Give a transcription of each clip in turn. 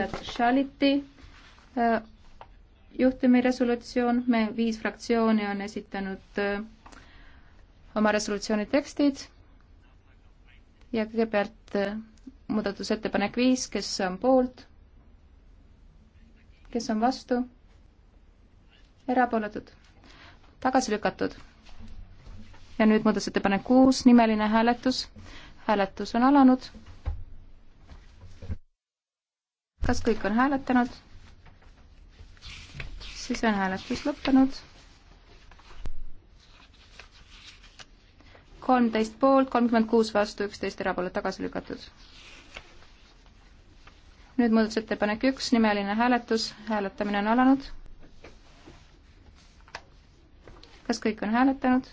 Led Shaliti äh, juhtumi resolutsioon, me viis fraktsiooni on esitanud äh, oma resolutsiooni tekstid ja kõigepealt äh, muudatusettepanek viis, kes on poolt, kes on vastu, erapooletud, tagasi lükatud. ja nüüd muudatusettepanek kuus, nimeline hääletus, hääletus on alanud kas kõik on hääletanud? siis on hääletus lõppenud. kolmteist poolt, kolmkümmend kuus vastu, üksteist erapoole tagasi lükatud. nüüd muudatusettepanek üks, nimeline hääletus, hääletamine on alanud. kas kõik on hääletanud?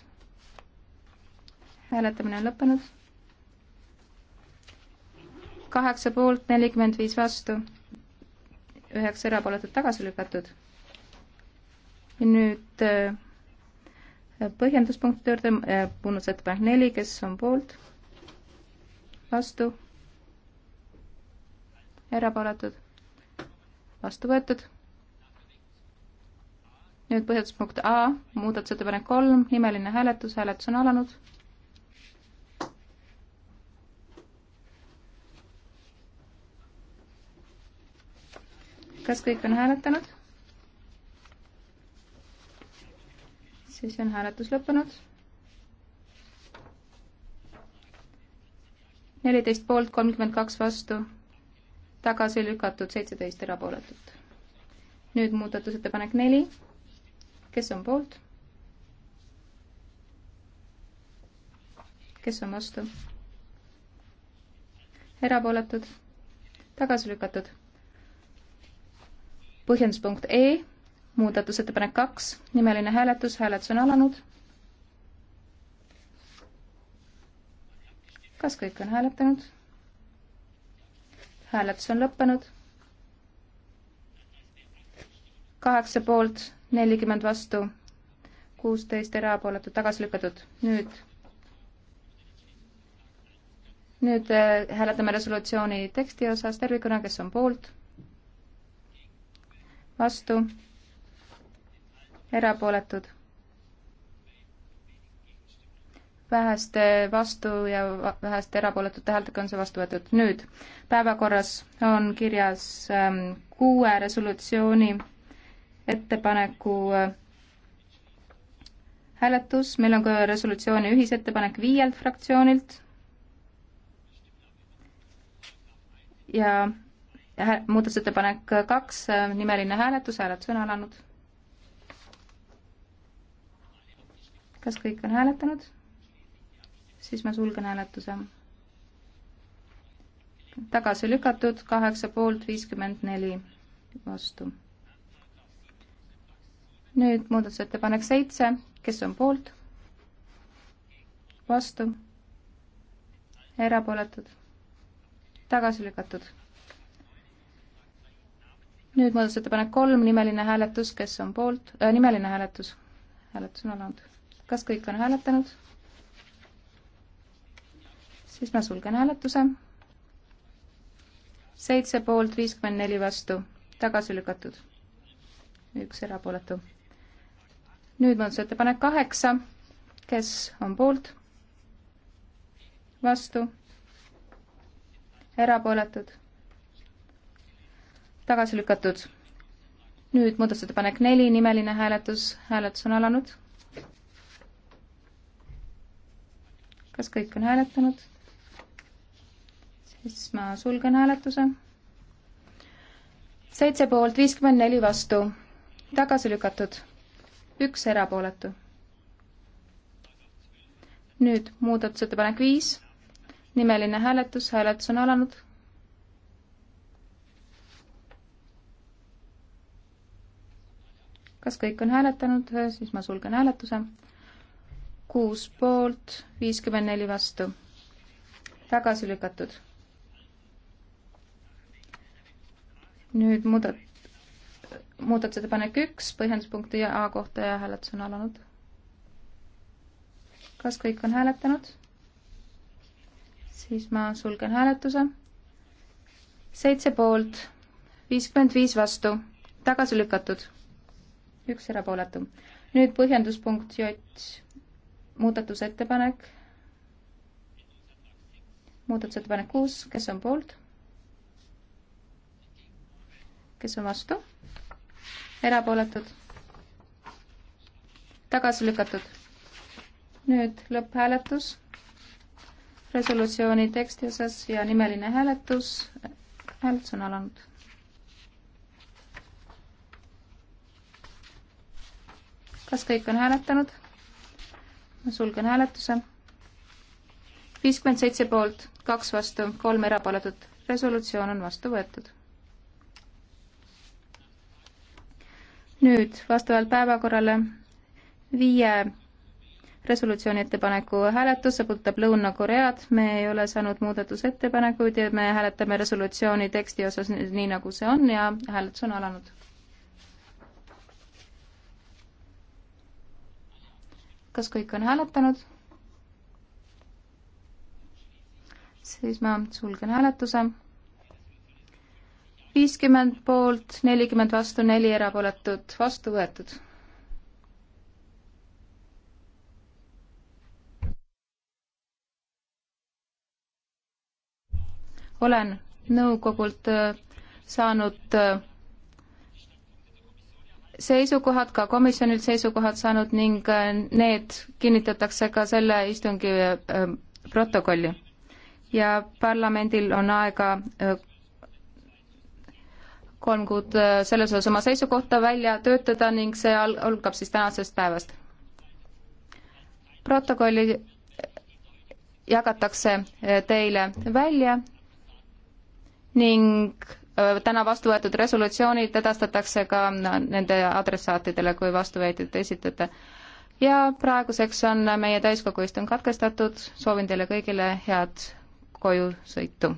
hääletamine on lõppenud. kaheksa poolt, nelikümmend viis vastu üheksa erapooletut tagasi lükatud. nüüd äh, põhjenduspunktide juurde, äh, muudatusettepanek neli, kes on poolt, vastu, erapooletud, vastu võetud. nüüd põhjenduspunkt A, muudatusettepanek kolm, nimeline hääletus, hääletus on alanud kas kõik on hääletanud? siis on hääletus lõppenud. neliteist poolt, kolmkümmend kaks vastu, tagasi lükatud seitseteist erapooletut. nüüd muudatusettepanek neli. kes on poolt? kes on vastu? erapooletud, tagasi lükatud põhjenduspunkt E, muudatusettepanek kaks, nimeline hääletus, hääletus on alanud. kas kõik on hääletanud? hääletus on lõppenud. kaheksa poolt, nelikümmend vastu, kuusteist erapooletut tagasi lükatud. nüüd, nüüd äh, hääletame resolutsiooni teksti osas tervikuna, kes on poolt vastu, erapooletud. väheste vastu ja väheste erapooletute häältega on see vastu võetud. nüüd päevakorras on kirjas ähm, kuue resolutsiooni ettepaneku äh, hääletus, meil on ka resolutsiooni ühisettepanek viielt fraktsioonilt ja muudatusettepanek kaks, äh, nimeline hääletus, hääletus on alanud. kas kõik on hääletanud? siis ma sulgen hääletuse. tagasi lükatud, kaheksa poolt, viiskümmend neli vastu. nüüd muudatusettepanek seitse, kes on poolt? vastu? erapooletud? tagasi lükatud nüüd muudatusettepanek kolm, nimeline hääletus, kes on poolt äh,, nimeline hääletus, hääletus on alanud. kas kõik on hääletanud? siis ma sulgen hääletuse. seitse poolt, viiskümmend neli vastu, tagasi lükatud. üks erapooletu. nüüd muudatusettepanek kaheksa, kes on poolt? vastu, erapooletud tagasi lükatud. nüüd muudatusettepanek neli, nimeline hääletus, hääletus on alanud. kas kõik on hääletanud? siis ma sulgen hääletuse. seitse poolt, viiskümmend neli vastu, tagasi lükatud, üks erapooletu. nüüd muudatusettepanek viis, nimeline hääletus, hääletus on alanud kas kõik on hääletanud, siis ma sulgen hääletuse. kuus poolt, viiskümmend neli vastu. tagasi lükatud. nüüd muudat-, muudatusettepanek üks, põhjenduspunkti A kohta ja hääletus on alanud. kas kõik on hääletanud? siis ma sulgen hääletuse. seitse poolt, viiskümmend viis vastu, tagasi lükatud üks erapooletu. nüüd põhjenduspunkt J, muudatusettepanek, muudatusettepanek kuus, kes on poolt? kes on vastu? erapooletud? tagasi lükatud. nüüd lõpphääletus resolutsiooni teksti osas ja nimeline hääletus. hääletus on alanud kas kõik on hääletanud? ma sulgen hääletuse. viiskümmend seitse poolt, kaks vastu, kolm erapooletut. resolutsioon on vastu võetud. nüüd vastavalt päevakorrale viie resolutsiooni ettepaneku hääletus, see puudutab Lõuna-Koread, me ei ole saanud muudatusettepanekuid ja me hääletame resolutsiooni teksti osas nii, nagu see on ja hääletus on alanud kas kõik on hääletanud? siis ma sulgen hääletuse. viiskümmend poolt, nelikümmend vastu, neli erapooletut, vastu võetud. olen nõukogult äh, saanud äh, seisukohad, ka komisjonilt seisukohad saanud ning äh, need kinnitatakse ka selle istungi äh, protokolli. ja parlamendil on aega äh, kolm kuud selles osas oma seisukohta välja töötada ning see algab siis tänasest päevast. protokolli jagatakse teile välja ning Äh, täna vastu võetud resolutsioonid edastatakse ka nende adressaatidele, kui vastuväited esitate. ja praeguseks on meie täiskogu istung katkestatud, soovin teile kõigile head kojusõitu.